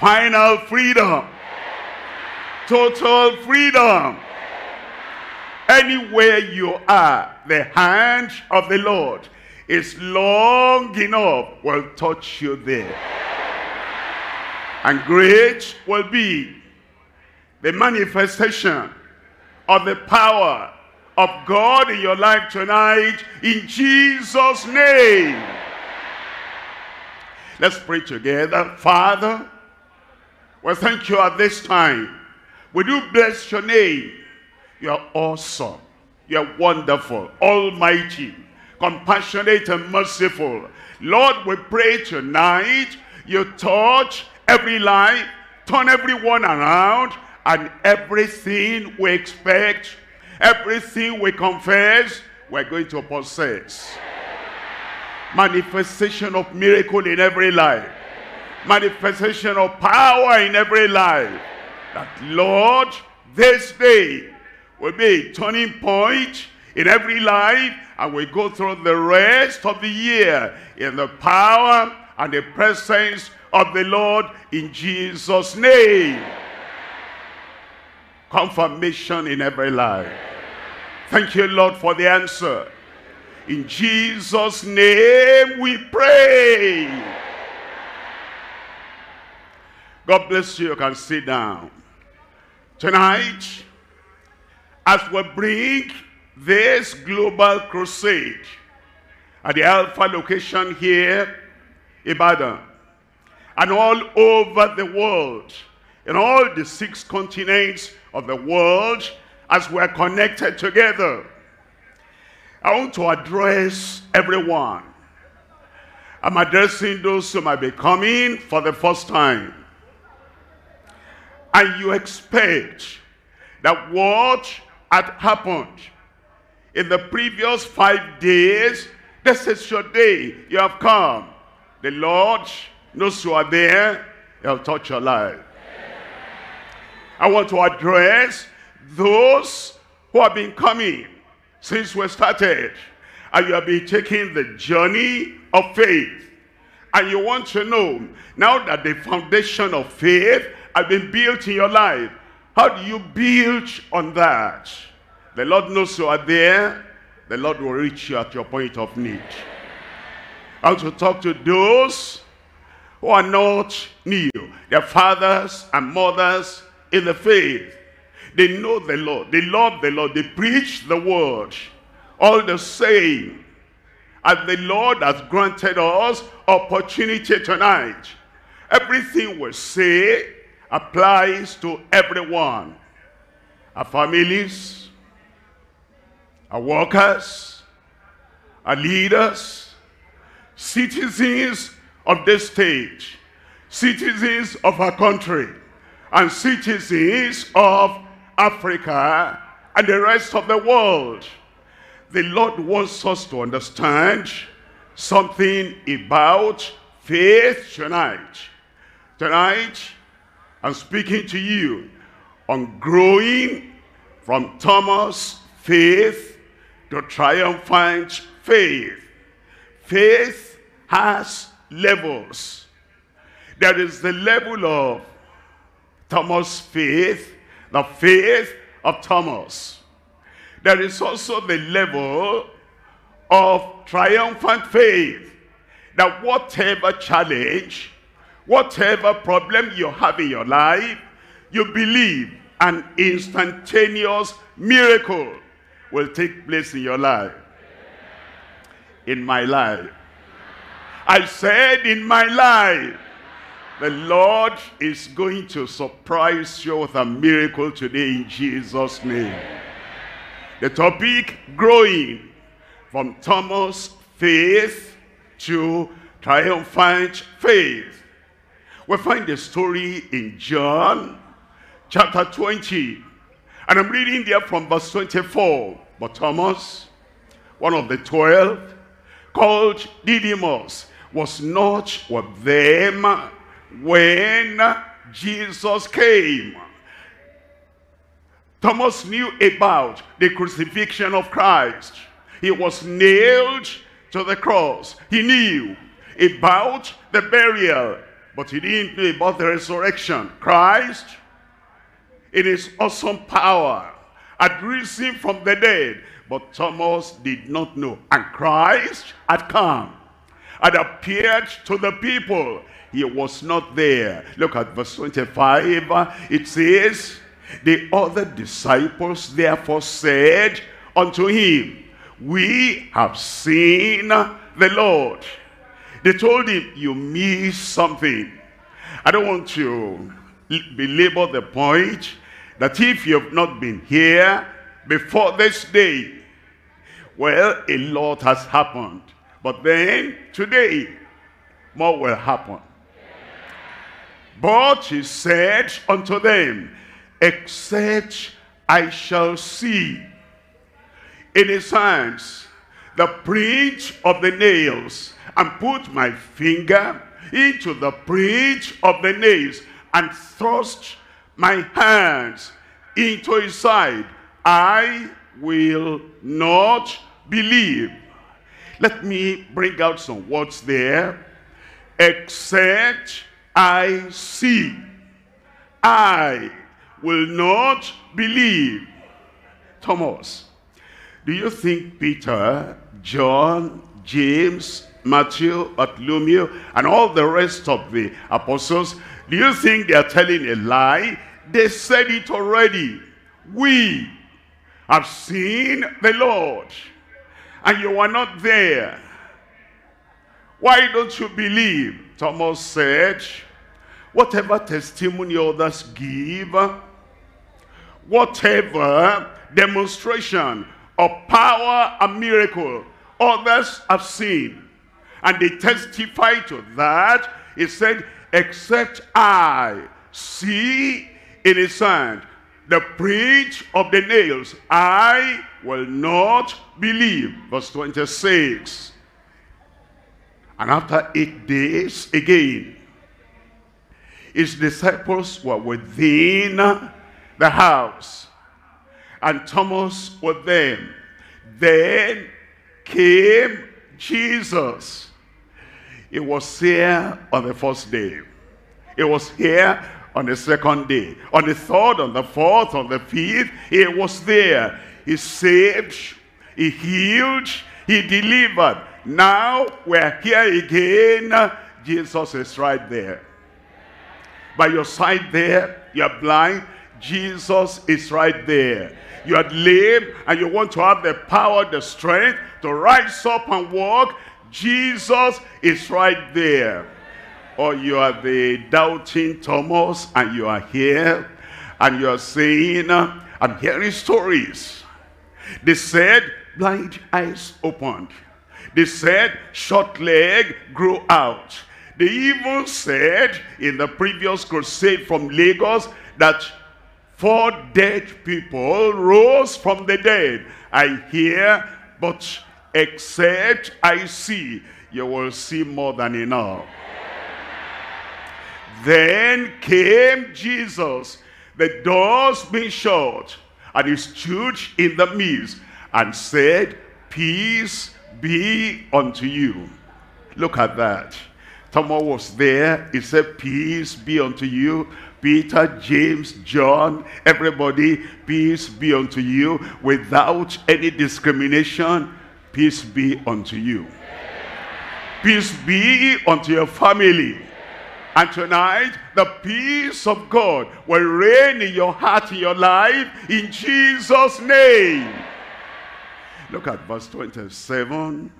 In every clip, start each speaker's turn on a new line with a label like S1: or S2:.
S1: Final freedom. Total freedom. Anywhere you are, the hand of the Lord is long enough will touch you there. And great will be the manifestation of the power of God in your life tonight in Jesus' name. Let's pray together. Father, we thank you at this time. We do bless your name. You are awesome. You are wonderful, almighty, compassionate and merciful. Lord, we pray tonight you touch every life, turn everyone around, and everything we expect, everything we confess, we're going to possess. Manifestation of miracle in every life manifestation of power in every life. That Lord, this day will be a turning point in every life and we go through the rest of the year in the power and the presence of the Lord in Jesus' name. Confirmation in every life. Thank you, Lord, for the answer. In Jesus' name we pray. God bless you. You can sit down. Tonight, as we bring this global crusade at the Alpha location here, Ibadan, and all over the world, in all the six continents of the world, as we're connected together, I want to address everyone. I'm addressing those who might be coming for the first time and you expect that what had happened in the previous five days, this is your day, you have come. The Lord knows you are there, he'll touch your life. I want to address those who have been coming since we started and you have been taking the journey of faith and you want to know now that the foundation of faith have been built in your life. How do you build on that? The Lord knows you are there. The Lord will reach you at your point of need. I to talk to those who are not new. Their fathers and mothers in the faith. They know the Lord. They love the Lord. They preach the word. All the same. And the Lord has granted us opportunity tonight. Everything we say, applies to everyone. Our families, our workers, our leaders, citizens of this stage, citizens of our country, and citizens of Africa and the rest of the world. The Lord wants us to understand something about faith tonight. Tonight, I'm speaking to you on growing from Thomas faith to triumphant faith. Faith has levels. There is the level of Thomas' faith, the faith of Thomas. There is also the level of triumphant faith that whatever challenge Whatever problem you have in your life, you believe an instantaneous miracle will take place in your life. In my life. I said in my life. The Lord is going to surprise you with a miracle today in Jesus' name. The topic, growing from Thomas' faith to triumphant faith. We find the story in John chapter 20. And I'm reading there from verse 24. But Thomas, one of the twelve, called Didymus, was not with them when Jesus came. Thomas knew about the crucifixion of Christ. He was nailed to the cross. He knew about the burial but he didn't know about the resurrection. Christ, in his awesome power, had risen from the dead. But Thomas did not know. And Christ had come, had appeared to the people. He was not there. Look at verse 25. It says, The other disciples therefore said unto him, We have seen the Lord. They told him, you missed something. I don't want to belabor the point that if you have not been here before this day, well, a lot has happened. But then, today, more will happen. But he said unto them, Except I shall see in his hands the print of the nails, and put my finger into the breach of the nails and thrust my hands into his side. I will not believe. Let me bring out some words there. Except I see, I will not believe. Thomas, do you think Peter, John, James, Matthew, Bartholomew, and all the rest of the apostles, do you think they are telling a lie? They said it already. We have seen the Lord, and you were not there. Why don't you believe? Thomas said, whatever testimony others give, whatever demonstration of power and miracle others have seen, and they testify to that. He said, except I see in his hand the print of the nails, I will not believe. Verse 26. And after eight days, again, his disciples were within the house, and Thomas with them. Then came Jesus it was here on the first day. It was here on the second day. On the third, on the fourth, on the fifth, it was there. He saved, he healed, he delivered. Now we're here again. Jesus is right there. By your side there, you're blind. Jesus is right there. You are lame and you want to have the power, the strength to rise up and walk Jesus is right there. Or you are the doubting Thomas and you are here and you are saying, I'm hearing stories. They said, blind eyes opened. They said, short leg grew out. They even said in the previous crusade from Lagos that four dead people rose from the dead. I hear, but except I see, you will see more than enough. Then came Jesus, the doors being shut, and he stood in the midst and said, Peace be unto you. Look at that. Thomas was there. He said, Peace be unto you. Peter, James, John, everybody, peace be unto you without any discrimination, Peace be unto you. Peace be unto your family. And tonight, the peace of God will reign in your heart, in your life, in Jesus' name. Look at verse 27.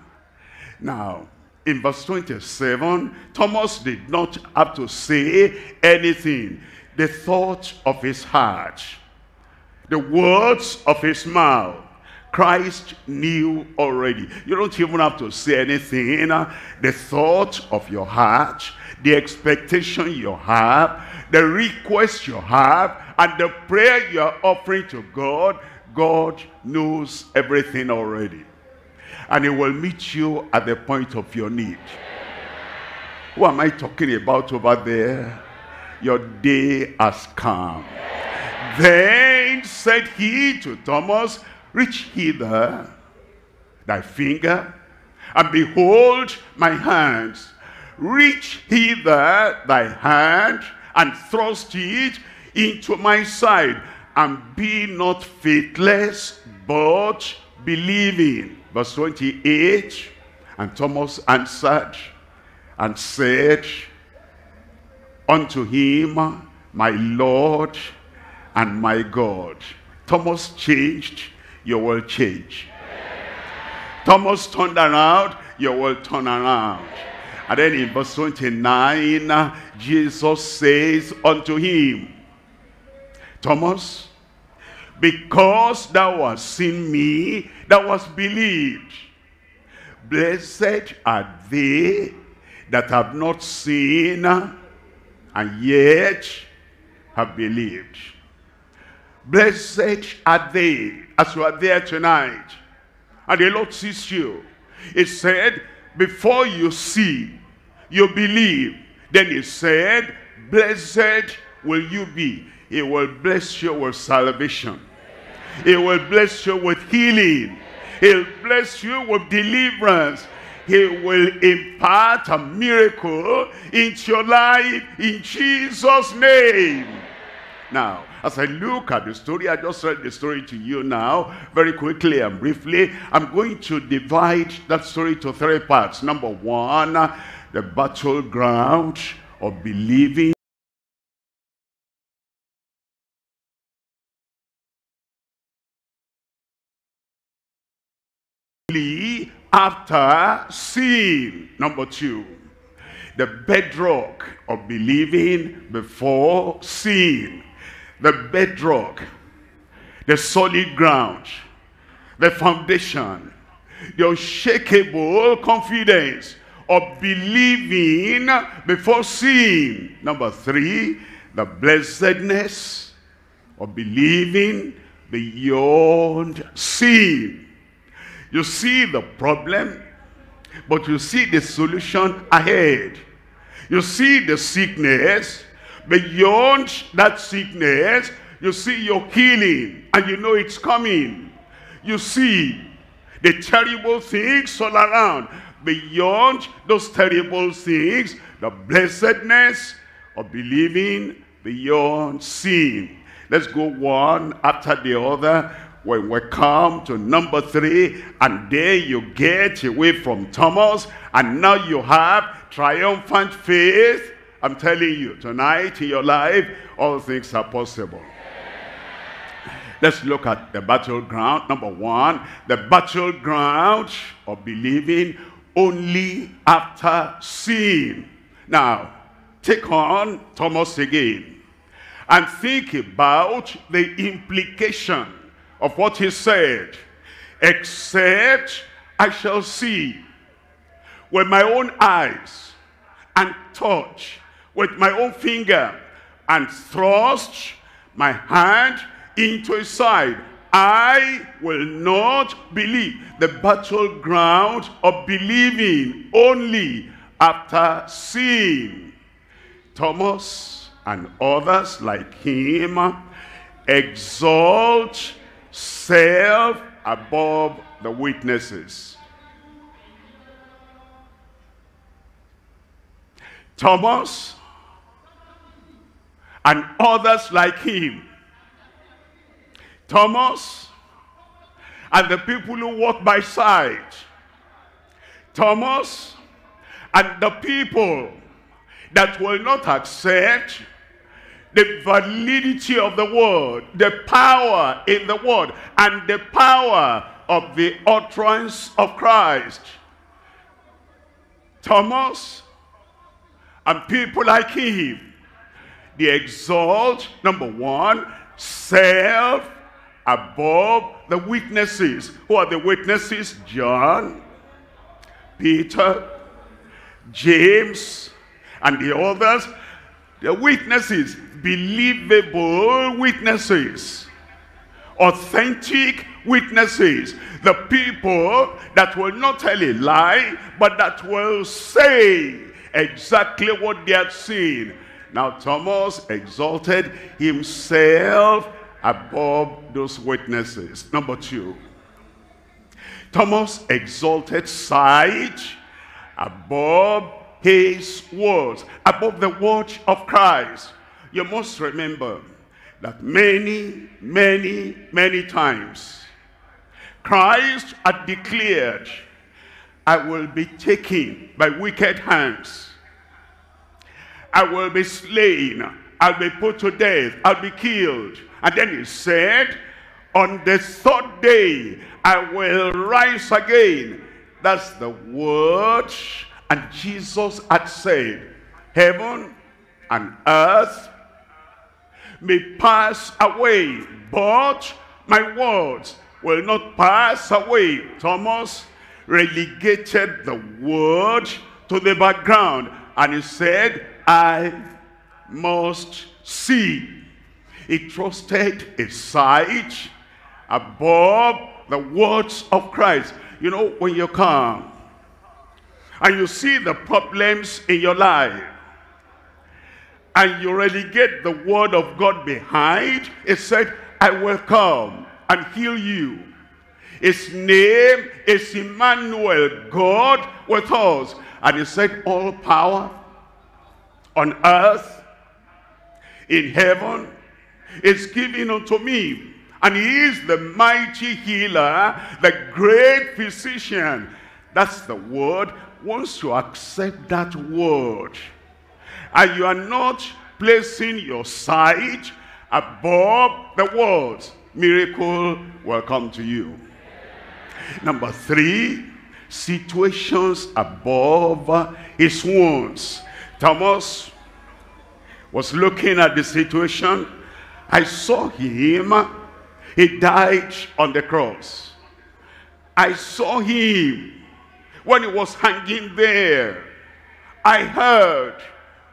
S1: Now, in verse 27, Thomas did not have to say anything. The thought of his heart, the words of his mouth, Christ knew already. You don't even have to say anything. The thought of your heart, the expectation you have, the request you have, and the prayer you are offering to God, God knows everything already. And he will meet you at the point of your need. Who am I talking about over there? Your day has come. Then said he to Thomas, Reach hither thy finger, and behold my hands. Reach hither thy hand, and thrust it into my side, and be not faithless, but believing. Verse 28, and Thomas answered and said unto him, My Lord and my God. Thomas changed your world change. Thomas turned around, your world turn around. And then in verse 29, Jesus says unto him, Thomas, because thou hast seen me, thou hast believed. Blessed are they that have not seen and yet have believed. Blessed are they as you are there tonight and the Lord sees you. He said, before you see, you believe. Then he said, blessed will you be. He will bless you with salvation. He will bless you with healing. He'll bless you with deliverance. He will impart a miracle into your life in Jesus' name. Now, as I look at the story, I just read the story to you now, very quickly and briefly. I'm going to divide that story to three parts. Number one, the battleground of believing after sin. Number two, the bedrock of believing before sin the bedrock, the solid ground, the foundation, the unshakable confidence of believing before seeing. Number three, the blessedness of believing beyond seeing. You see the problem, but you see the solution ahead. You see the sickness, beyond that sickness, you see your healing and you know it's coming. You see the terrible things all around. Beyond those terrible things, the blessedness of believing beyond sin. Let's go one after the other. When we come to number three, and there you get away from Thomas, and now you have triumphant faith I'm telling you, tonight in your life, all things are possible. Let's look at the battleground. Number one, the battleground of believing only after seeing. Now, take on Thomas again and think about the implication of what he said. Except I shall see with my own eyes and touch with my own finger and thrust my hand into his side. I will not believe. The battleground of believing only after seeing. Thomas and others like him exalt self above the witnesses. Thomas and others like him. Thomas and the people who walk by sight. Thomas and the people that will not accept the validity of the word, the power in the word, and the power of the utterance of Christ. Thomas and people like him they exalt, number one, self above the witnesses. Who are the witnesses? John, Peter, James, and the others. The witnesses, believable witnesses, authentic witnesses, the people that will not tell a lie, but that will say exactly what they have seen now Thomas exalted himself above those witnesses. Number two, Thomas exalted sight above his words, above the words of Christ. You must remember that many, many, many times Christ had declared, I will be taken by wicked hands. I will be slain. I'll be put to death. I'll be killed. And then he said, on the third day, I will rise again. That's the word. And Jesus had said, heaven and earth may pass away, but my words will not pass away. Thomas relegated the word to the background. And he said, I must see. He trusted a sight above the words of Christ. You know, when you come and you see the problems in your life, and you relegate the word of God behind, it said, I will come and heal you. His name is Emmanuel, God with us. And he said, all power on earth, in heaven, is given unto me. And he is the mighty healer, the great physician. That's the word. Once you accept that word, and you are not placing your sight above the world, miracle will come to you. Number three, situations above his wounds. Thomas was looking at the situation. I saw him. He died on the cross. I saw him when he was hanging there. I heard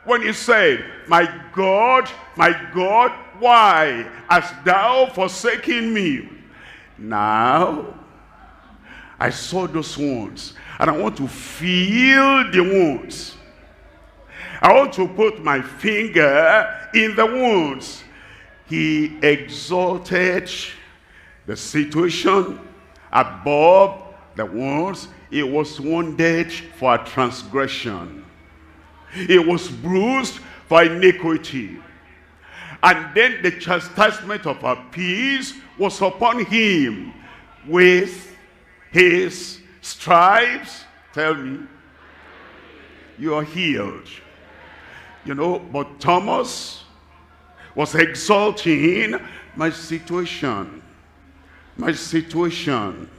S1: when he said, My God, my God, why hast thou forsaken me? Now, I saw those wounds, and I want to feel the wounds I want to put my finger in the wounds. He exalted the situation above the wounds. It was wounded for a transgression. It was bruised for iniquity. And then the chastisement of our peace was upon him with his stripes. Tell me, you are healed. You know, but Thomas was exalting my situation. My situation.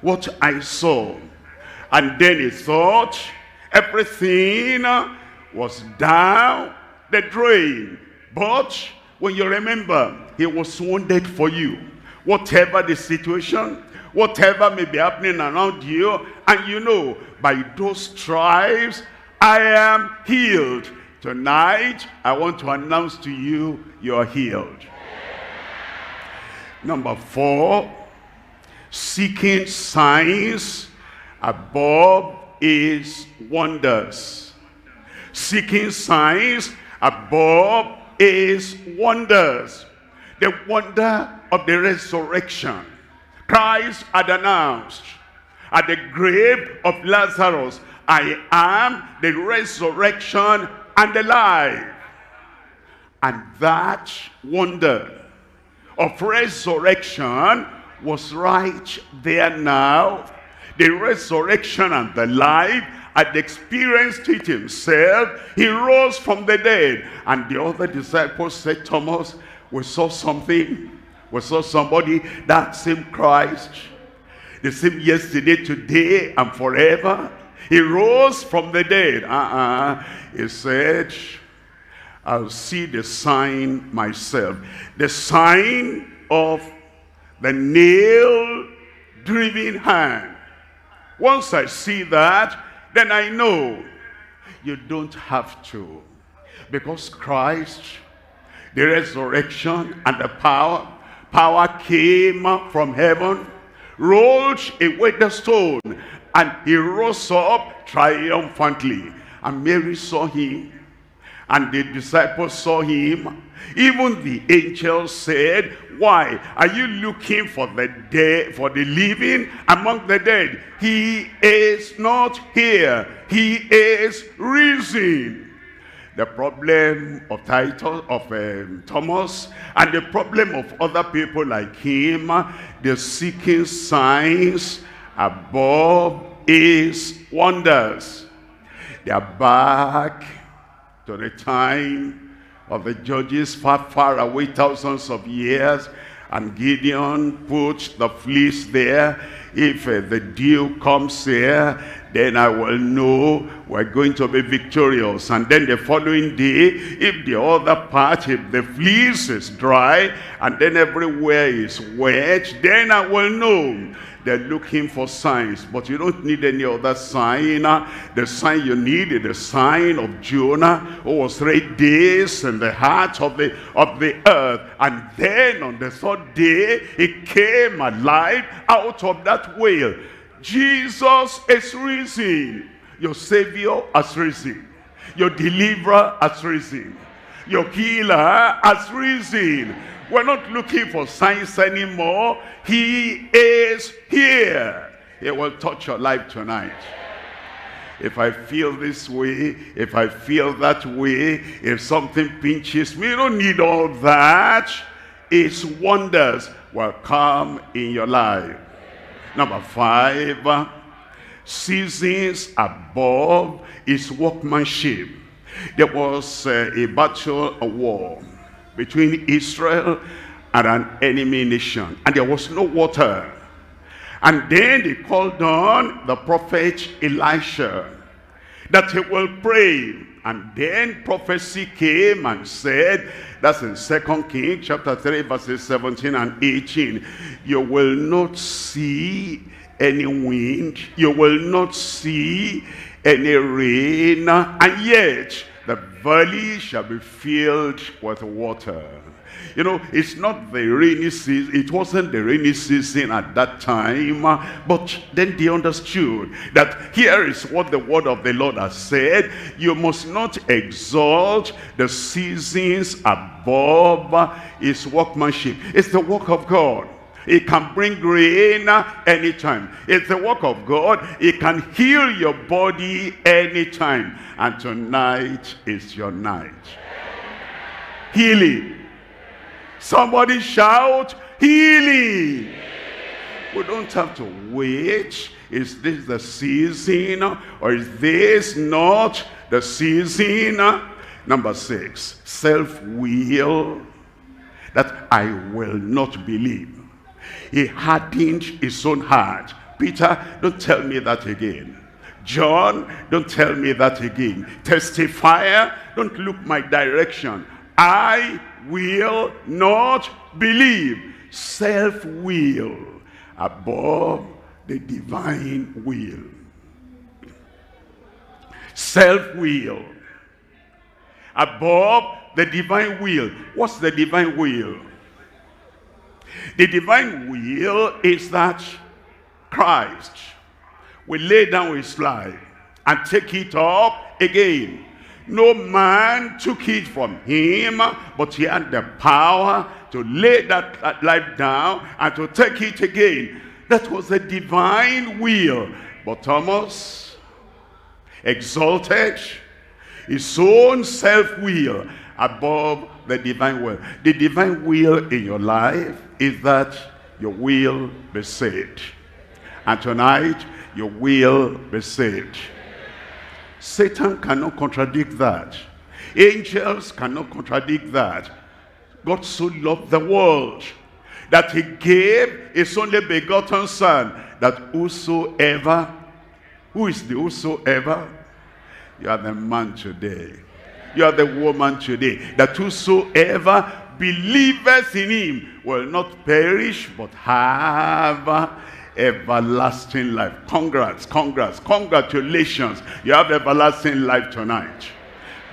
S1: What I saw. And then he thought everything was down the drain. But when you remember, he was wounded for you. Whatever the situation, whatever may be happening around you, and you know, by those stripes, I am healed. Tonight, I want to announce to you, you are healed. Number four, seeking signs above is wonders. Seeking signs above is wonders. The wonder of the resurrection. Christ had announced at the grave of Lazarus, I am the resurrection and alive. And that wonder of resurrection was right there now. The resurrection and the life had experienced it himself. He rose from the dead. And the other disciples said, Thomas, we saw something. We saw somebody, that same Christ, the same yesterday, today, and forever he rose from the dead. Uh-uh. He said, I'll see the sign myself. The sign of the nail-driven hand. Once I see that, then I know you don't have to. Because Christ, the resurrection and the power, power came from heaven, rolled away the stone and he rose up triumphantly. And Mary saw him. And the disciples saw him. Even the angels said, Why are you looking for the dead, for the living among the dead? He is not here. He is risen the problem of Titus, of um, Thomas, and the problem of other people like him, they're seeking signs above his wonders. They are back to the time of the judges far, far away, thousands of years. And Gideon put the fleece there. If uh, the dew comes here, then I will know we're going to be victorious. And then the following day, if the other part, if the fleece is dry, and then everywhere is wet, then I will know. They're looking for signs, but you don't need any other sign. Uh, the sign you need is the sign of Jonah, who was three days in the heart of the, of the earth. And then on the third day, he came alive out of that whale. Jesus is risen. Your Savior has risen. Your Deliverer has risen. Your Healer has risen. We're not looking for signs anymore. He is here. It will touch your life tonight if I feel this way, if I feel that way, if something pinches me, you don't need all that. It's wonders will come in your life. Number five, seasons above is workmanship. There was uh, a battle, a war between Israel and an enemy nation. And there was no water. And then they called on the prophet Elisha that he will pray. And then prophecy came and said, that's in Second Kings chapter 3 verses 17 and 18, you will not see any wind, you will not see any rain, and yet the valley shall be filled with water. You know, it's not the rainy season. It wasn't the rainy season at that time. Uh, but then they understood that here is what the word of the Lord has said. You must not exalt the seasons above uh, his workmanship. It's the work of God. It can bring rain anytime. It's the work of God. It can heal your body anytime. And tonight is your night. Healing. Somebody shout, healing. We don't have to wait. Is this the season or is this not the season? Number six, self-will that I will not believe. He hardened his own heart. Peter, don't tell me that again. John, don't tell me that again. Testifier, don't look my direction. I will not believe. Self-will above the divine will. Self-will above the divine will. What's the divine will? The divine will is that Christ will lay down his life and take it up again. No man took it from him, but he had the power to lay that, that life down and to take it again. That was the divine will. But Thomas exalted his own self-will above the divine will. The divine will in your life is that you will be saved. And tonight, you will be saved. Satan cannot contradict that. Angels cannot contradict that. God so loved the world that he gave his only begotten son that whosoever, who is the whosoever? You are the man today. You are the woman today. That whosoever Believers in him will not perish but have everlasting life. Congrats, congrats, congratulations. You have everlasting life tonight.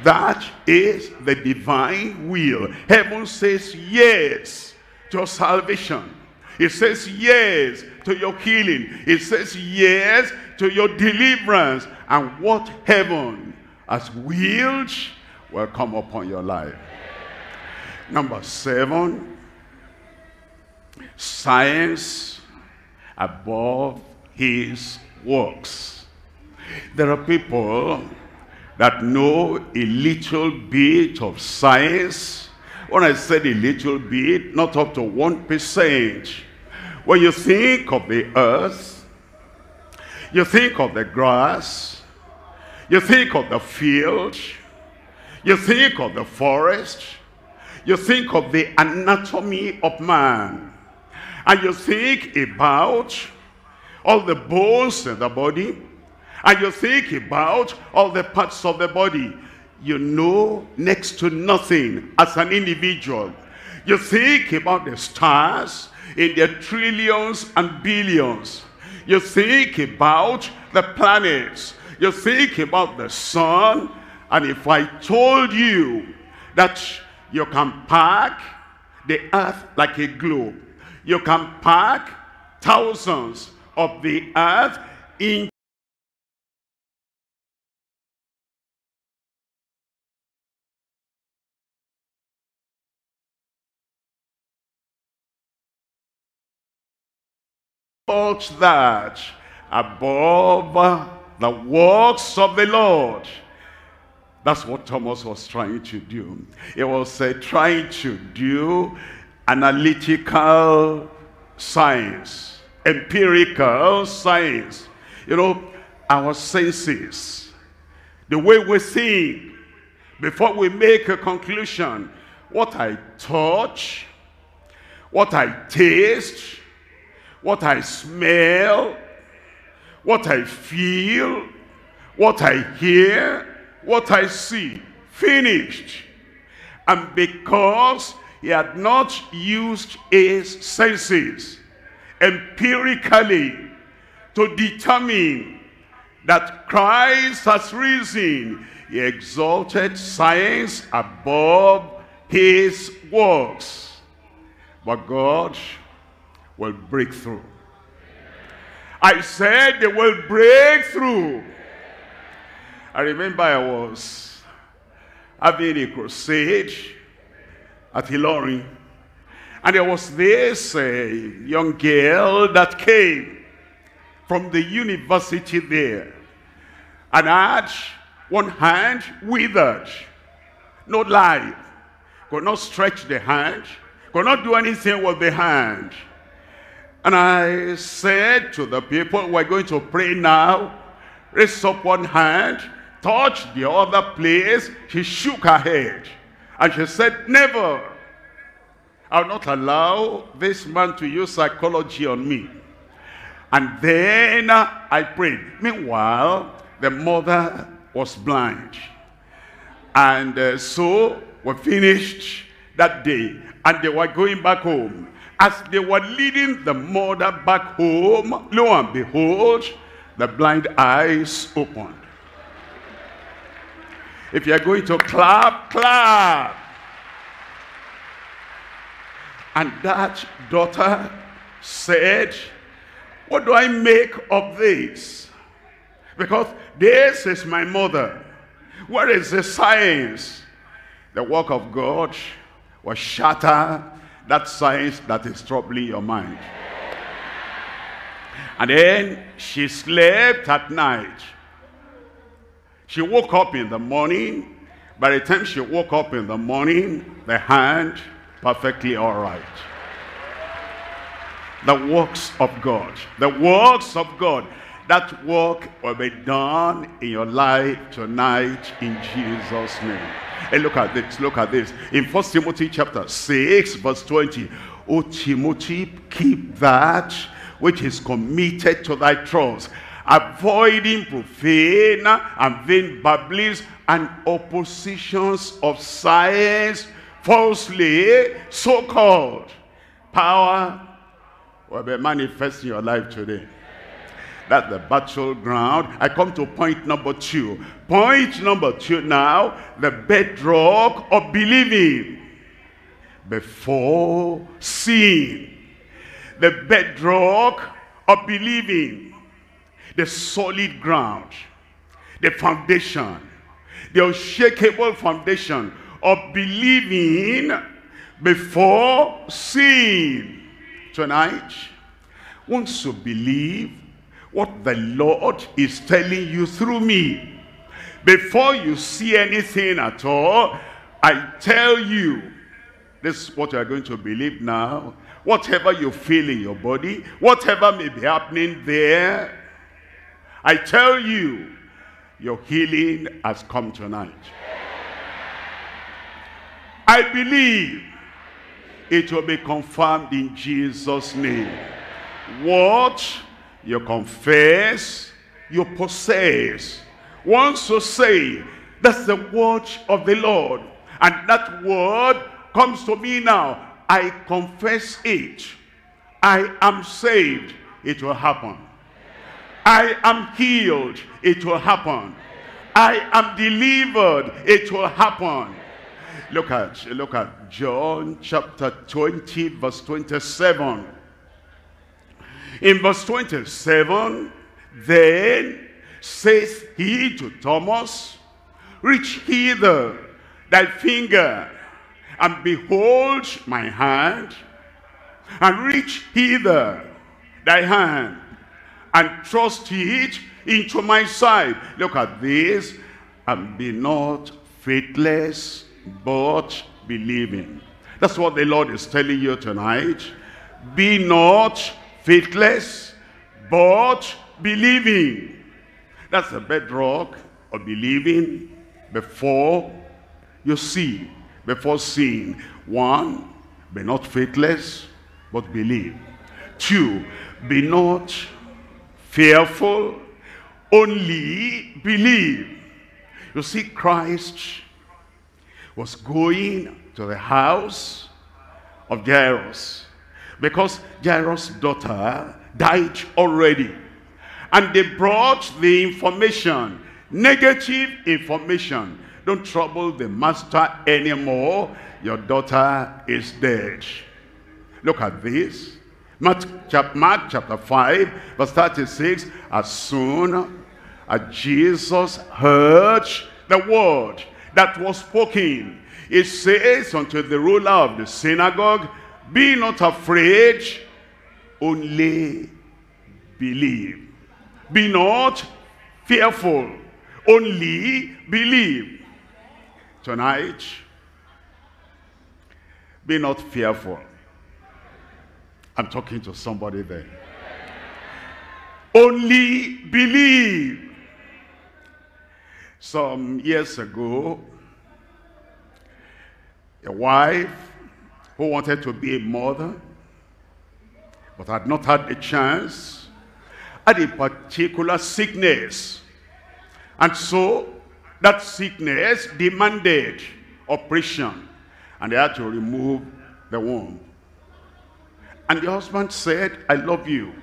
S1: That is the divine will. Heaven says yes to your salvation. It says yes to your healing. It says yes to your deliverance. And what heaven has willed will come upon your life. Number seven, science above his works. There are people that know a little bit of science. When I said a little bit, not up to 1%. When you think of the earth, you think of the grass, you think of the field, you think of the forest, you think of the anatomy of man. And you think about all the bones in the body. And you think about all the parts of the body. You know next to nothing as an individual. You think about the stars in their trillions and billions. You think about the planets. You think about the sun. And if I told you that you can pack the earth like a globe. You can pack thousands of the earth in that above the works of the Lord that's what Thomas was trying to do. He was uh, trying to do analytical science, empirical science. You know, our senses, the way we think, before we make a conclusion, what I touch, what I taste, what I smell, what I feel, what I hear, what I see finished. And because he had not used his senses empirically to determine that Christ has risen, he exalted science above his works. But God will break through. I said they will break through I remember I was having a crusade at Hilary. And there was this uh, young girl that came from the university there. And had one hand withered. No life. Could not stretch the hand. Could not do anything with the hand. And I said to the people, we're going to pray now. Raise up one hand touched the other place, she shook her head. And she said, never. I'll not allow this man to use psychology on me. And then uh, I prayed. Meanwhile, the mother was blind. And uh, so we finished that day. And they were going back home. As they were leading the mother back home, lo and behold, the blind eyes opened. If you're going to clap, clap. And that daughter said, What do I make of this? Because this is my mother. Where is the science? The work of God will shatter that science that is troubling your mind. And then she slept at night. She woke up in the morning. By the time she woke up in the morning, the hand perfectly all right. The works of God. The works of God. That work will be done in your life tonight in Jesus' name. And look at this, look at this. In First Timothy chapter 6, verse 20. O Timothy, keep that which is committed to thy trust avoiding profane and vain babblings and oppositions of science, falsely so-called power will be manifest in your life today. That's the battleground. I come to point number two. Point number two now, the bedrock of believing before seeing. The bedrock of believing the solid ground, the foundation, the unshakable foundation of believing before seeing. Tonight, once you believe what the Lord is telling you through me, before you see anything at all, I tell you, this is what you are going to believe now. Whatever you feel in your body, whatever may be happening there, I tell you, your healing has come tonight. I believe it will be confirmed in Jesus' name. What you confess, you possess. Once you say, that's the word of the Lord. And that word comes to me now. I confess it. I am saved. It will happen. I am healed. It will happen. I am delivered. It will happen. Look at, look at John chapter 20, verse 27. In verse 27, then says he to Thomas, Reach hither thy finger, and behold my hand, and reach hither thy hand, and trust it into my side. Look at this. And be not faithless, but believing. That's what the Lord is telling you tonight. Be not faithless, but believing. That's the bedrock of believing before you see, before seeing. One, be not faithless, but believe. Two, be not fearful, only believe. You see, Christ was going to the house of Jairus because Jairus' daughter died already. And they brought the information, negative information. Don't trouble the master anymore. Your daughter is dead. Look at this. Mark, chapter 5, verse 36, as soon as Jesus heard the word that was spoken, it says unto the ruler of the synagogue, Be not afraid, only believe. Be not fearful, only believe. Tonight, be not fearful. I'm talking to somebody there. Only believe. Some years ago, a wife who wanted to be a mother but had not had the chance had a particular sickness and so that sickness demanded operation and they had to remove the womb and the husband said, I love you,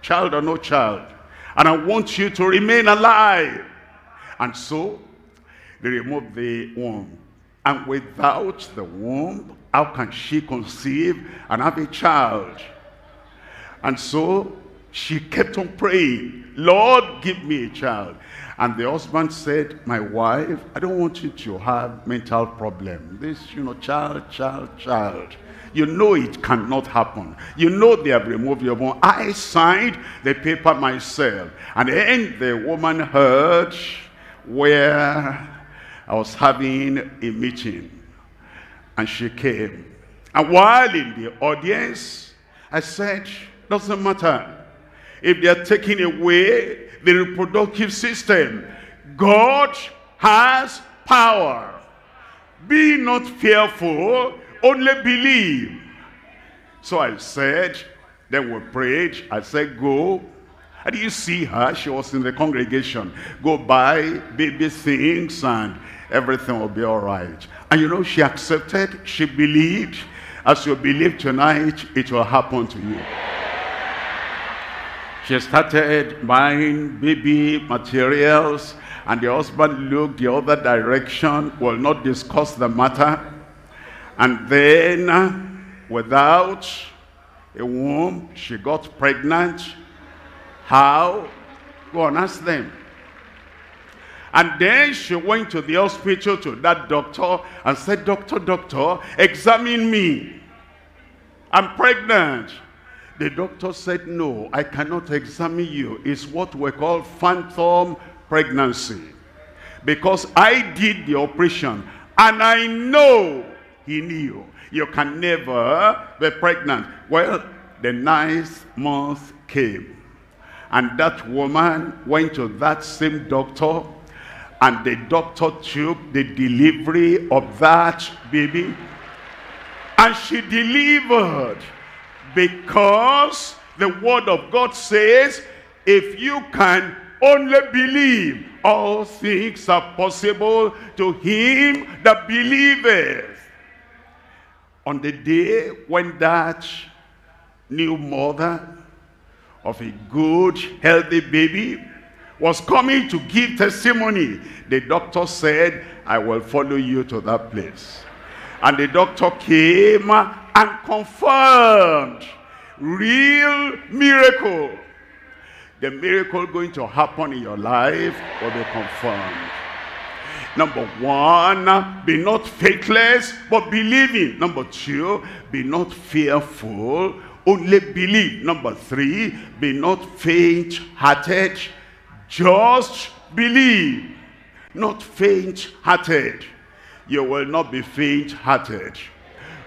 S1: child or no child, and I want you to remain alive. And so they removed the womb. And without the womb, how can she conceive and have a child? And so she kept on praying, Lord, give me a child. And the husband said, my wife, I don't want you to have mental problem. This, you know, child, child, child. You know it cannot happen. You know they have removed your bone. I signed the paper myself. And then the woman heard where I was having a meeting. And she came. And while in the audience, I said, doesn't matter. If they are taking away the reproductive system, God has power. Be not fearful, only believe. So I said, then we prayed. I said, go. And you see her? She was in the congregation. Go buy baby things and everything will be all right. And you know, she accepted. She believed. As you believe tonight, it will happen to you. She started buying baby materials and the husband looked the other direction, will not discuss the matter. And then, uh, without a womb, she got pregnant. How? Go and ask them. And then she went to the hospital to that doctor and said, Doctor, doctor, examine me. I'm pregnant. The doctor said, no, I cannot examine you. It's what we call phantom pregnancy. Because I did the operation and I know he knew you can never be pregnant. Well, the ninth month came. And that woman went to that same doctor. And the doctor took the delivery of that baby. And she delivered. Because the word of God says, if you can only believe, all things are possible to him that believeth on the day when that new mother of a good, healthy baby was coming to give testimony, the doctor said, I will follow you to that place. And the doctor came and confirmed real miracle. The miracle going to happen in your life will be confirmed. Number one, be not faithless, but believing. Number two, be not fearful, only believe. Number three, be not faint-hearted, just believe. Not faint-hearted. You will not be faint-hearted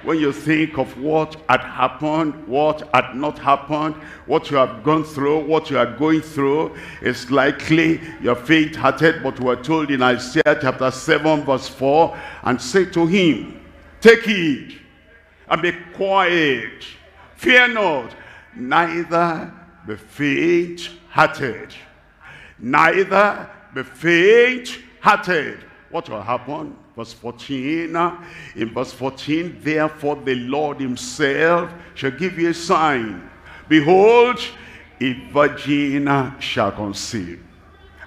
S1: when you think of what had happened, what had not happened, what you have gone through, what you are going through, it's likely you're faint-hearted, but we're told in Isaiah chapter 7 verse 4, and say to him, take heed and be quiet, fear not, neither be faint-hearted, neither be faint-hearted. What will happen? Verse 14. Uh, in verse 14, therefore the Lord himself shall give you a sign. Behold, a virgin uh, shall conceive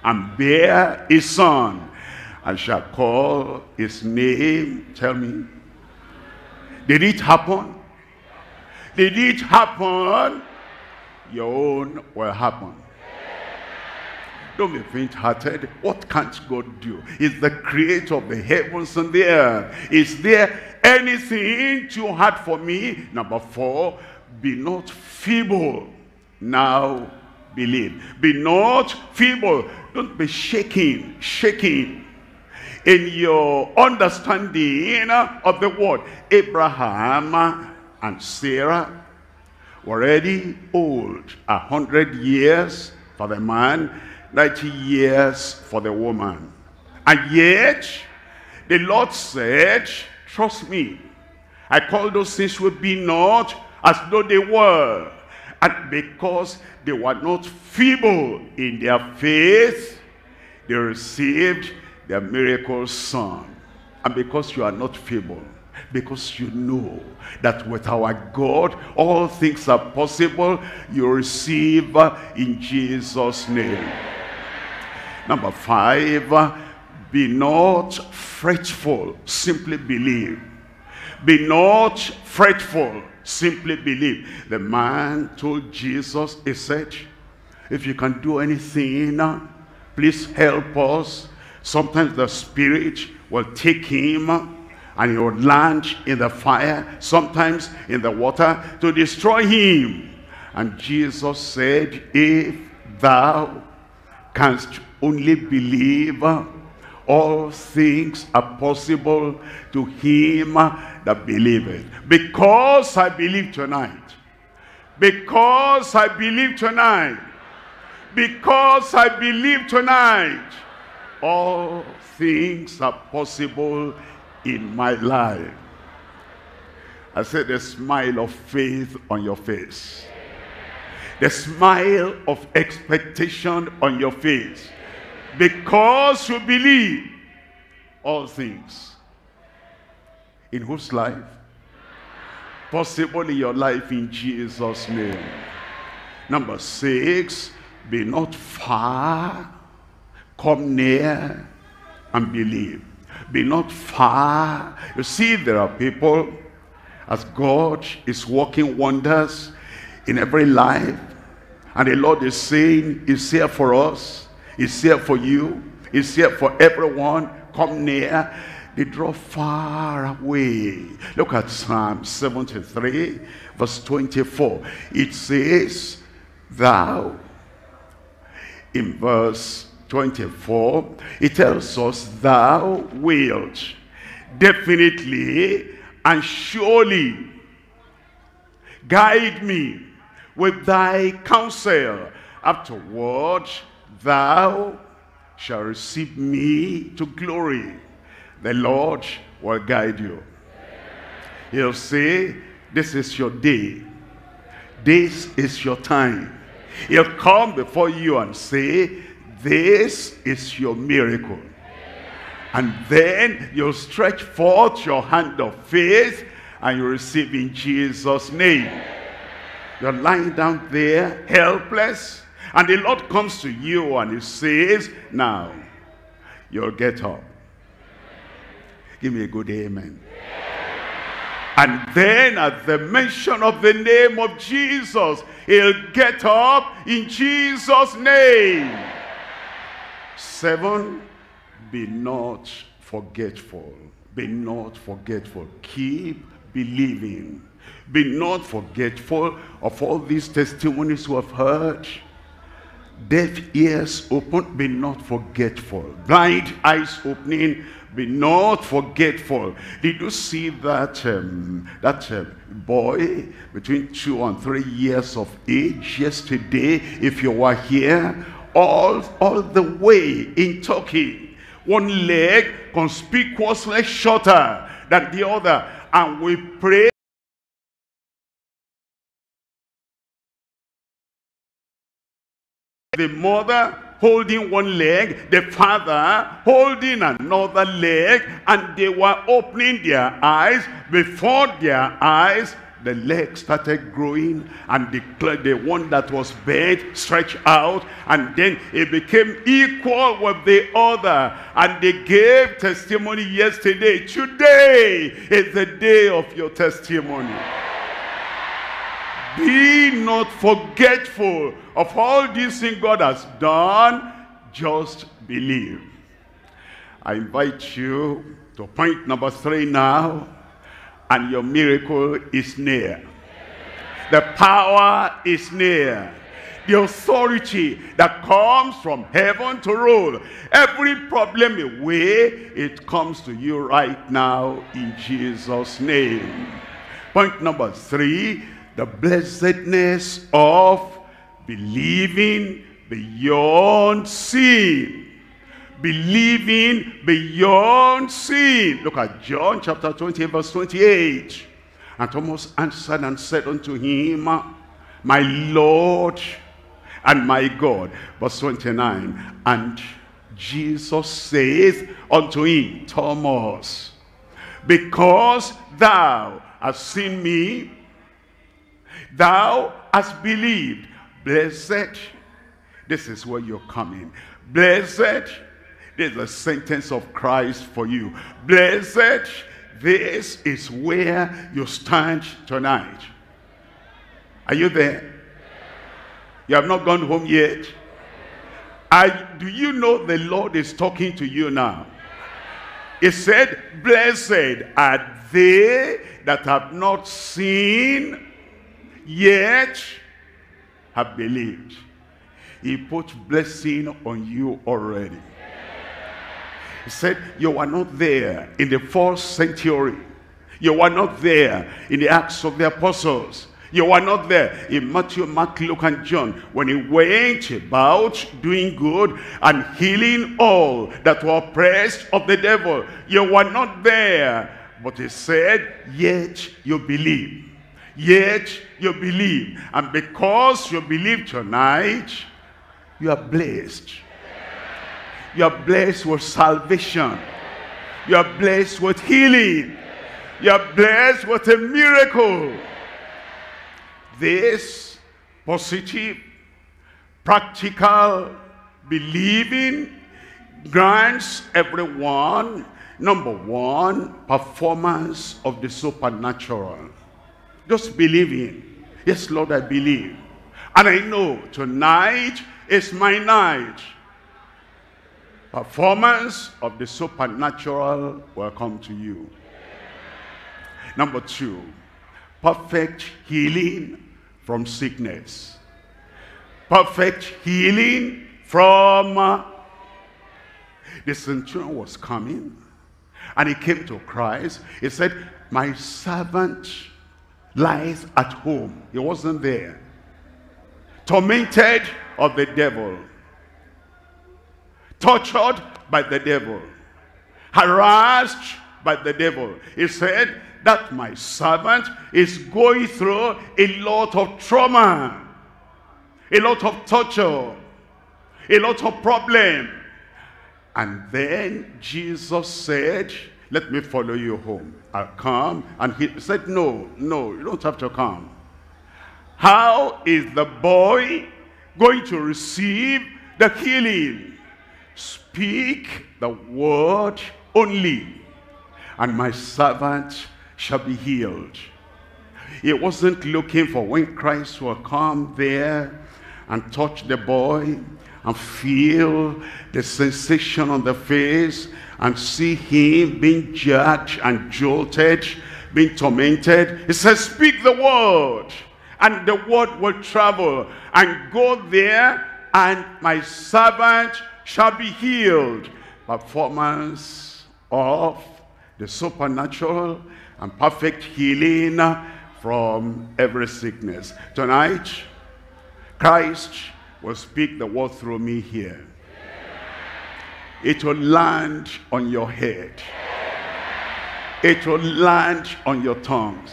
S1: and bear a son and shall call his name. Tell me. Did it happen? Did it happen? Your own will happen. Don't be faint-hearted. What can't God do? He's the creator of the heavens and the earth. Is there anything too hard for me? Number four, be not feeble. Now believe. Be not feeble. Don't be shaking, shaking in your understanding of the word. Abraham and Sarah were already old, a hundred years for the man 90 years for the woman. And yet, the Lord said, trust me. I call those things will be not as though they were. And because they were not feeble in their faith, they received their miracle son. And because you are not feeble, because you know that with our God, all things are possible, you receive in Jesus' name. Number five, be not fretful, simply believe. Be not fretful, simply believe. The man told Jesus, he said, if you can do anything, please help us. Sometimes the spirit will take him and he will land in the fire, sometimes in the water to destroy him. And Jesus said, if thou canst only believe all things are possible to him that believeth. Because I believe tonight. Because I believe tonight. Because I believe tonight. All things are possible in my life. I said the smile of faith on your face. The smile of expectation on your face because you believe all things in whose life? Possible in your life in Jesus' name. Number six, be not far, come near and believe. Be not far. You see, there are people, as God is working wonders in every life, and the Lord is saying, is here for us. It's here for you. It's here for everyone. Come near. They draw far away. Look at Psalm 73, verse 24. It says, Thou. In verse 24, it tells us, Thou wilt definitely and surely guide me with thy counsel afterward thou shall receive me to glory. The Lord will guide you. He'll say, this is your day. This is your time. He'll come before you and say, this is your miracle. And then you'll stretch forth your hand of faith and you receive in Jesus' name. You're lying down there helpless and the Lord comes to you and he says, now, you'll get up. Give me a good amen. And then at the mention of the name of Jesus, he'll get up in Jesus' name. Seven, be not forgetful. Be not forgetful. Keep believing. Be not forgetful of all these testimonies we have heard deaf ears open, be not forgetful. Blind eyes opening, be not forgetful. Did you see that, um, that uh, boy between two and three years of age yesterday? If you were here, all, all the way in Turkey, one leg conspicuously shorter than the other. And we pray The mother holding one leg, the father holding another leg, and they were opening their eyes. Before their eyes, the leg started growing and the, the one that was bent stretched out and then it became equal with the other and they gave testimony yesterday today is the day of your testimony be not forgetful of all these things God has done, just believe. I invite you to point number three now, and your miracle is near. The power is near. The authority that comes from heaven to rule. Every problem away, it comes to you right now in Jesus' name. Point number three, the blessedness of believing beyond sin. Believing beyond sin. Look at John chapter 20 verse 28. And Thomas answered and said unto him, My Lord and my God. Verse 29. And Jesus saith unto him, Thomas, because thou hast seen me, Thou hast believed. Blessed. This is where you're coming. Blessed. This is the sentence of Christ for you. Blessed. This is where you stand tonight. Are you there? You have not gone home yet. I, do you know the Lord is talking to you now? He said, Blessed are they that have not seen yet have believed. He put blessing on you already. He said, you were not there in the first century. You were not there in the Acts of the Apostles. You were not there in Matthew, Mark, Luke, and John when he went about doing good and healing all that were oppressed of the devil. You were not there. But he said, yet you believe yet you believe. And because you believe tonight, you are blessed. You are blessed with salvation. You are blessed with healing. You are blessed with a miracle. This positive, practical believing grants everyone, number one, performance of the supernatural. Just believe him. Yes, Lord, I believe. And I know tonight is my night. Performance of the supernatural will come to you. Number two, perfect healing from sickness. Perfect healing from... Uh, the centurion was coming and he came to Christ. He said, my servant lies at home. He wasn't there. Tormented of the devil. Tortured by the devil. Harassed by the devil. He said that my servant is going through a lot of trauma. A lot of torture. A lot of problem. And then Jesus said, let me follow you home. I'll uh, come. And he said, no, no, you don't have to come. How is the boy going to receive the healing? Speak the word only, and my servant shall be healed. He wasn't looking for when Christ will come there and touch the boy and feel the sensation on the face and see him being judged and jolted, being tormented. He says, speak the word, and the word will travel and go there, and my servant shall be healed. Performance of the supernatural and perfect healing from every sickness. Tonight, Christ will speak the word through me here. It will land on your head. It will land on your tongues.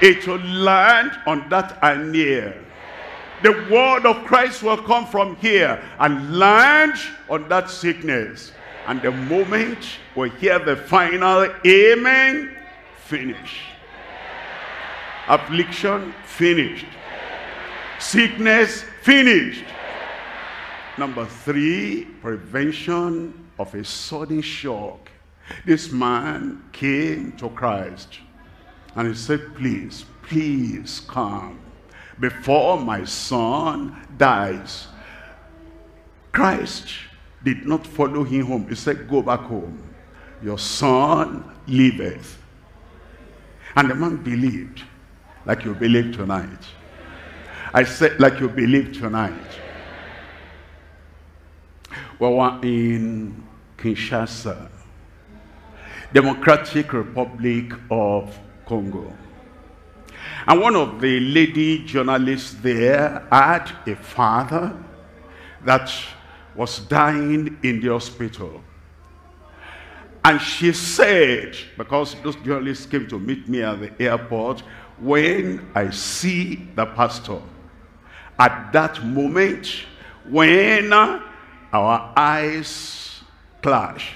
S1: It will land on that anir. The word of Christ will come from here and land on that sickness. And the moment we hear the final amen, finished. Affliction, finished. Sickness, finished. Number three, prevention of a sudden shock. This man came to Christ and he said, please, please come before my son dies. Christ did not follow him home. He said, go back home. Your son liveth. And the man believed, like you believe tonight. I said, like you believe tonight. We were in Kinshasa, Democratic Republic of Congo. And one of the lady journalists there had a father that was dying in the hospital. And she said, because those journalists came to meet me at the airport, when I see the pastor, at that moment, when our eyes clash.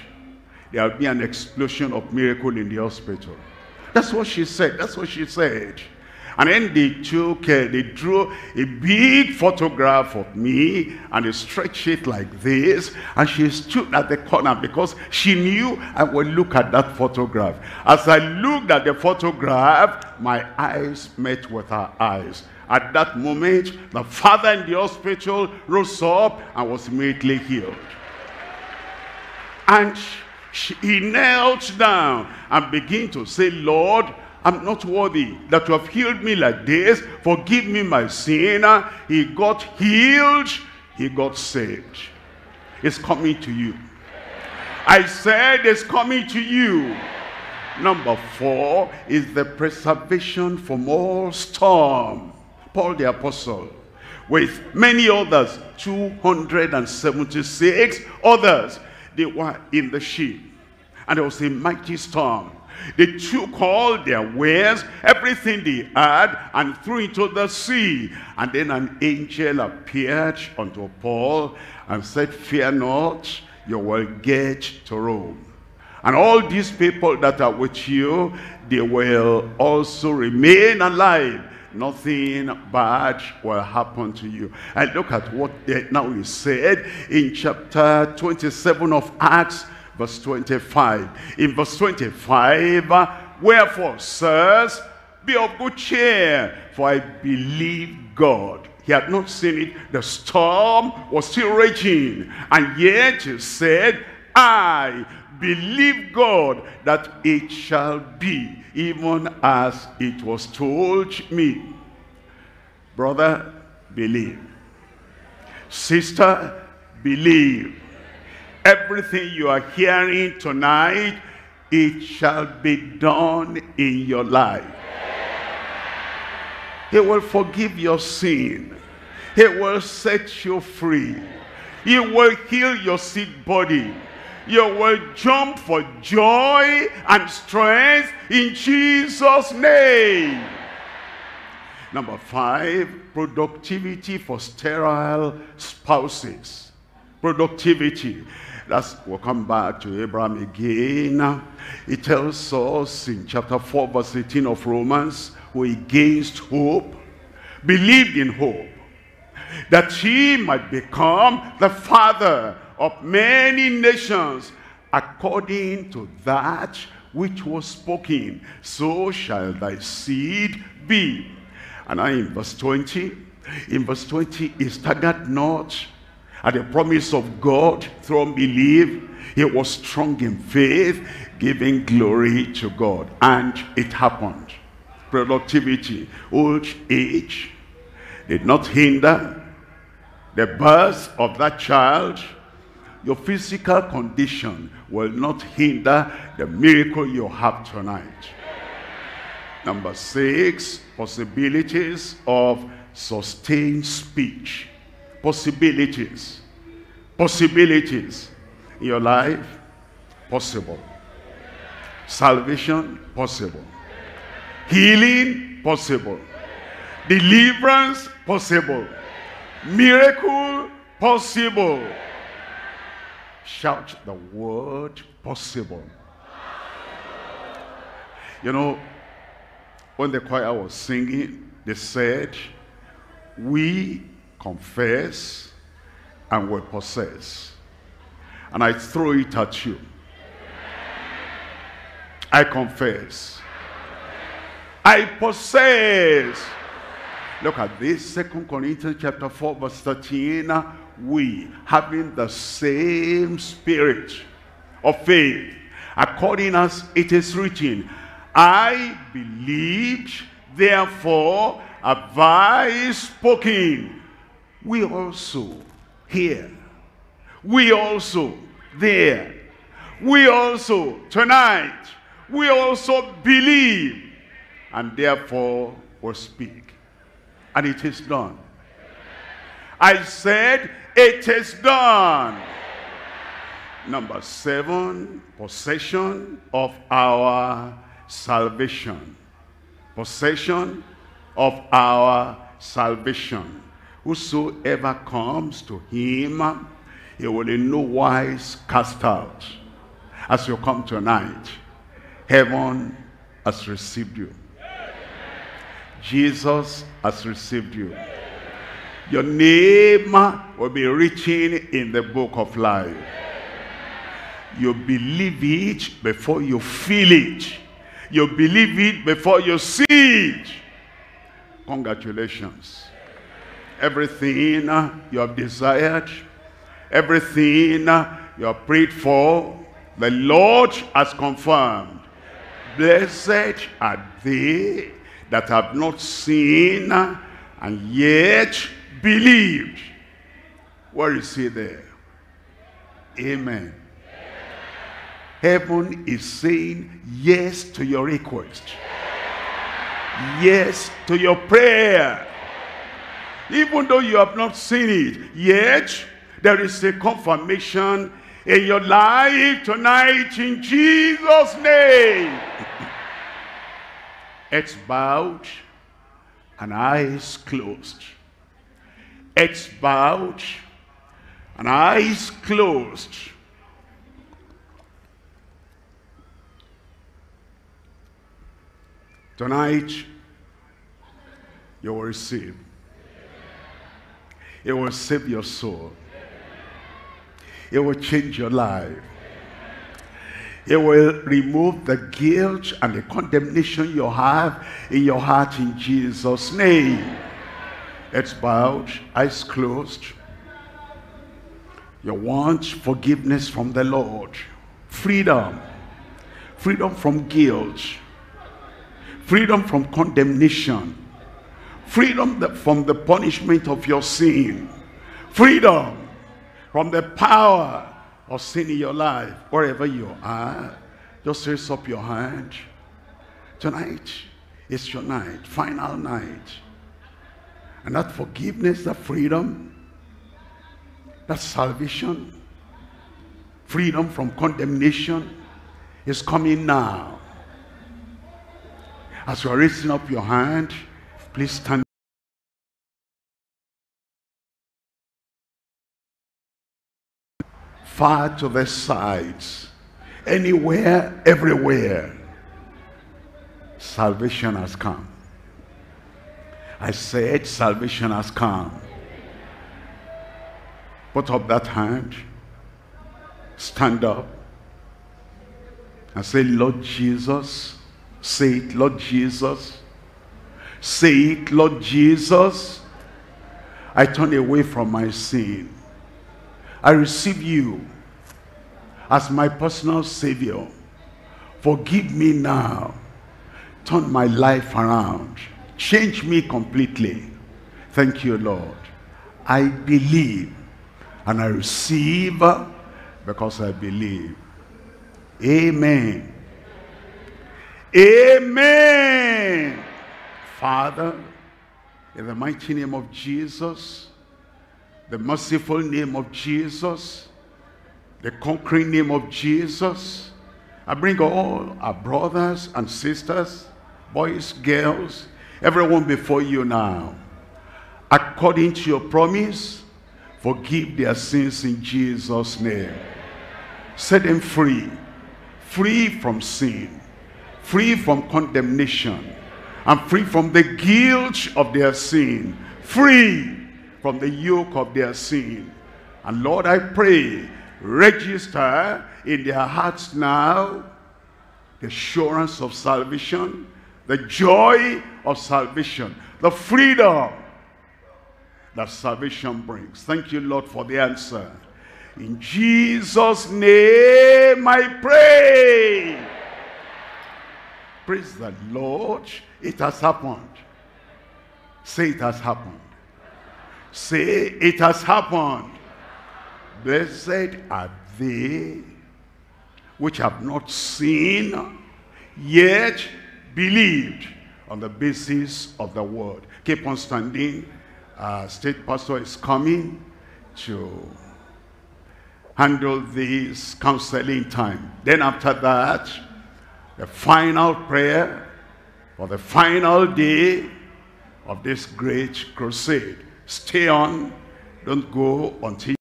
S1: There will be an explosion of miracle in the hospital. That's what she said. That's what she said. And then they took, uh, they drew a big photograph of me and they stretched it like this. And she stood at the corner because she knew I would look at that photograph. As I looked at the photograph, my eyes met with her eyes. At that moment, the father in the hospital rose up and was immediately healed. And she, he knelt down and began to say, Lord, I'm not worthy that you have healed me like this. Forgive me my sin. He got healed. He got saved. It's coming to you. I said it's coming to you. Number four is the preservation from all storm. Paul the Apostle with many others, 276 others, they were in the ship. And there was a mighty storm. They took all their wares, everything they had, and threw into the sea. And then an angel appeared unto Paul and said, Fear not, you will get to Rome. And all these people that are with you, they will also remain alive nothing bad will happen to you. And look at what now he said in chapter 27 of Acts, verse 25. In verse 25, wherefore, sirs, be of good cheer, for I believe God. He had not seen it. The storm was still raging. And yet he said, I believe God that it shall be even as it was told me. Brother, believe. Sister, believe. Everything you are hearing tonight, it shall be done in your life. He will forgive your sin. He will set you free. He will heal your sick body. You will jump for joy and strength in Jesus' name. Number five, productivity for sterile spouses. Productivity. That's, we'll come back to Abraham again. It tells us in chapter 4, verse 18 of Romans, who against hope, believed in hope, that he might become the father of many nations according to that which was spoken, so shall thy seed be. And now in verse 20, in verse 20, he staggered not at the promise of God through unbelief. He was strong in faith, giving glory to God. And it happened. Productivity, old age did not hinder the birth of that child your physical condition will not hinder the miracle you have tonight. Number six, possibilities of sustained speech. Possibilities. Possibilities in your life, possible. Salvation, possible. Healing, possible. Deliverance, possible. Miracle, possible. Shout the word possible. You know, when the choir was singing, they said, we confess and we possess. And I throw it at you. I confess. I possess. Look at this, Second Corinthians chapter 4, verse 13 we, having the same spirit of faith, according as it is written, I believed, therefore have I spoken. We also here, we also there, we also tonight, we also believe, and therefore will speak. And it is done. I said, it is done. Number seven, possession of our salvation. Possession of our salvation. Whosoever comes to him, he will in no wise cast out. As you come tonight, heaven has received you. Jesus has received you your name will be written in the book of life. You believe it before you feel it. You believe it before you see it. Congratulations. Everything you have desired, everything you have prayed for, the Lord has confirmed. Blessed are they that have not seen and yet believed. What is he there? Amen. Heaven is saying yes to your request. Yes to your prayer. Even though you have not seen it yet, there is a confirmation in your life tonight in Jesus' name. Heads bowed and eyes closed heads bowed and eyes closed. Tonight, you will receive. It will save your soul. It will change your life. It will remove the guilt and the condemnation you have in your heart in Jesus' name heads bowed, eyes closed. You want forgiveness from the Lord, freedom, freedom from guilt, freedom from condemnation, freedom from the punishment of your sin, freedom from the power of sin in your life, wherever you are. Just raise up your hand. Tonight is your night, final night. And that forgiveness, that freedom, that salvation, freedom from condemnation is coming now. As you are raising up your hand, please stand. Far to the sides, anywhere, everywhere, salvation has come. I said, salvation has come. Put up that hand. Stand up. And say, Lord Jesus. Say it, Lord Jesus. Say it, Lord Jesus. I turn away from my sin. I receive you as my personal savior. Forgive me now. Turn my life around. Change me completely. Thank you, Lord. I believe and I receive because I believe. Amen. Amen. Father, in the mighty name of Jesus, the merciful name of Jesus, the conquering name of Jesus, I bring all our brothers and sisters, boys, girls, Everyone before you now, according to your promise, forgive their sins in Jesus' name. Set them free, free from sin, free from condemnation, and free from the guilt of their sin, free from the yoke of their sin. And Lord, I pray, register in their hearts now the assurance of salvation, the joy of salvation, the freedom that salvation brings. Thank you, Lord, for the answer. In Jesus' name I pray. Praise the Lord. It has happened. Say it has happened. Say it has happened. Blessed are they which have not seen, yet believed on the basis of the word. Keep on standing. Our uh, state pastor is coming to handle this counseling time. Then after that, the final prayer for the final day of this great crusade. Stay on. Don't go until